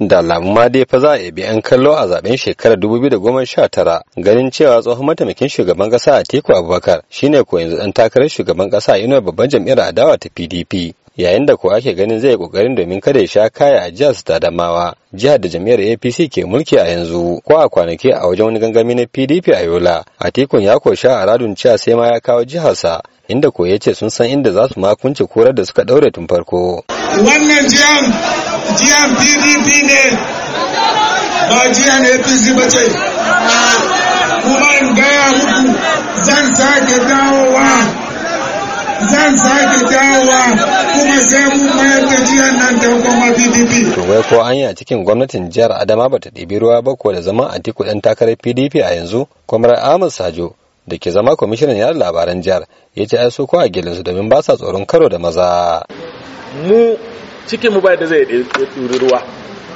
da lamuma ma dai fa za a bi 'yan kallo a zaben shekarar da goma sha tara, ganin cewa tsohon mataimakin shugaban kasa teku Abubakar shine ko yanzu dan takarar shugaban kasa ino babban jam'iyyar adawa ta PDP yayin da ko ake ganin zai kokarin domin kada ya sha kaya a jihar ta tadamawa jihar da jam'iyyar APC ke mulki a yanzu ko a kwanaki a wajen wani gangami na PDP a Yola a tekun ya ko sha a radun cewa sai ma ya kawo jiharsa inda ko ya ce sun san inda za su makunce korar da suka daure tun farko wannan jihar jiyan pdp ne ba apc ba ce kuma in gaya muku zan sake dawowa zan sake dawowa kuma sai mun mayar da jiyan nan da hukumar pdp wai ko hanya cikin gwamnatin jihar adama ba ta ɗibi ruwa ba ko da zama a tiku ɗan takarar pdp a yanzu kwamar ahmad sajo da ke zama kwamishinan yada labaran jihar ya ci ai su ko a gilinsu domin ba sa tsoron karo da maza mu cikin mu ba da zai ɗuri ruwa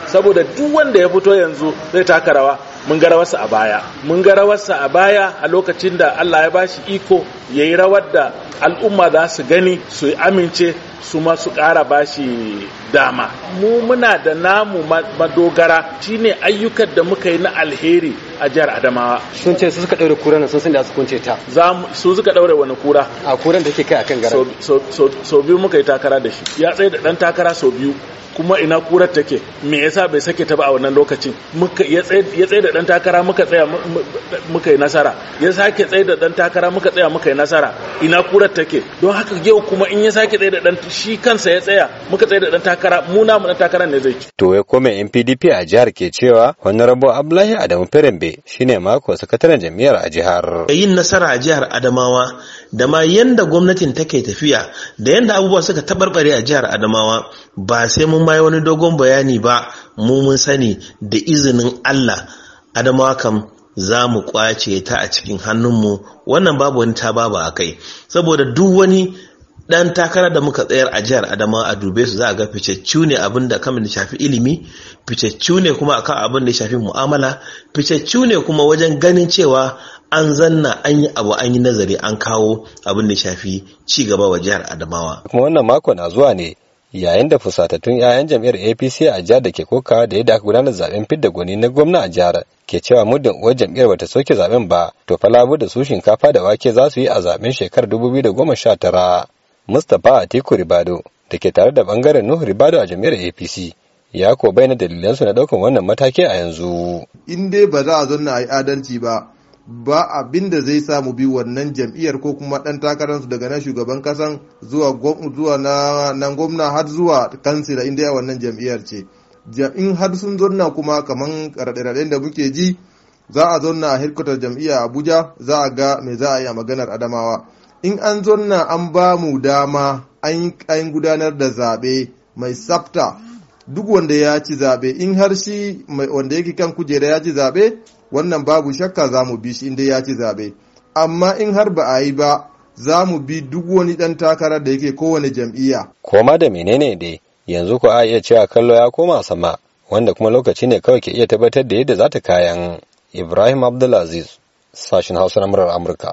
saboda duk wanda ya fito yanzu zai taka rawa mun ga rawarsa a baya mun ga rawarsa a baya a lokacin da Allah ya bashi iko yayi rawar da al'umma za su gani su amince su masu su ba bashi dama mu muna da namu madogara shine ayyukan da muka yi na alheri a jihar adamawa sun ce su suka daure kura sun san da su kunce ta su suka daure wani kura a kuran da ke kai akan gara so biyu muka yi takara da shi ya tsaye da dan takara so biyu kuma ina kurar take me yasa bai sake ta ba a wannan lokacin muka ya tsaye da dan takara muka tsaya muka yi nasara ya sake tsaye da dan takara muka tsaya muka yi nasara ina kurar take don haka yau kuma in ya sake tsaye da dan shi kansa ya tsaya muka tsaye da dan takara mu namu dan takaran ne zai ci to ya kome NPDP a jihar ke cewa honorable Abdullahi Adamu Ferembe shine mako sakataren jami'ar a jihar yayin nasara a jihar Adamawa da ma yanda gwamnatin take tafiya da yanda abubuwa suka tabarbare a jihar Adamawa ba sai mun mai wani dogon bayani ba mu mun sani da izinin Allah Adamawa kam za mu kwace ta a cikin hannunmu wannan babu wani ta babu a kai saboda duk wani dan takarar da muka tsayar a jihar Adamawa a dube su za a ga ficeccu ne abin da da shafi ilimi ficeccu ne kuma akan abin da shafi mu'amala ficeccu ne kuma wajen ganin cewa an zanna an yi abu an yi nazari an kawo abin da shafi ci gaba wa jihar adamawa kuma wannan mako na zuwa ne yayin da fusatattun 'ya'yan jam'iyyar apc a jihar da ke kokawa da yadda aka gudanar zaben fidda gwani na gwamna a jihar ke cewa muddin uwar jam'iyyar bata soke zaben ba to falabu da su shinkafa da wake za su yi a zaben shekarar 2019 mustapha atiku ribado da ke tare da bangaren nuhu ribado a jami'ar apc ya ko bayyana dalilansu na daukan wannan mataki a yanzu in dai ba za a zanna a yi adalci ba ba abin da zai samu bi wannan jam'iyyar ko kuma ɗan takararsu daga na shugaban kasan zuwa zuwa na gwamna har zuwa kansila inda ya wannan jam'iyyar ce in har sun zonna kuma kamar raɗe-raɗen da muke ji za a zauna a hirkutar jam'iyya abuja za a ga me za a yi a maganar adamawa in an zonna an ba mu dama an gudanar da zaɓe mai tsafta duk wanda ya ci zaɓe in har shi wanda yake kan kujera ya ci zaɓe wannan babu shakka za mu bi shi inda ya ci zaɓe amma in har ba a yi ba za mu bi duk wani ɗan takarar da yake kowane jam'iyya. koma da menene dai yanzu ko a iya cewa kallo ya koma sama wanda kuma lokaci ne kawai ke iya tabbatar da yadda za ta kayan ibrahim abdulaziz sashen hausa na murar amurka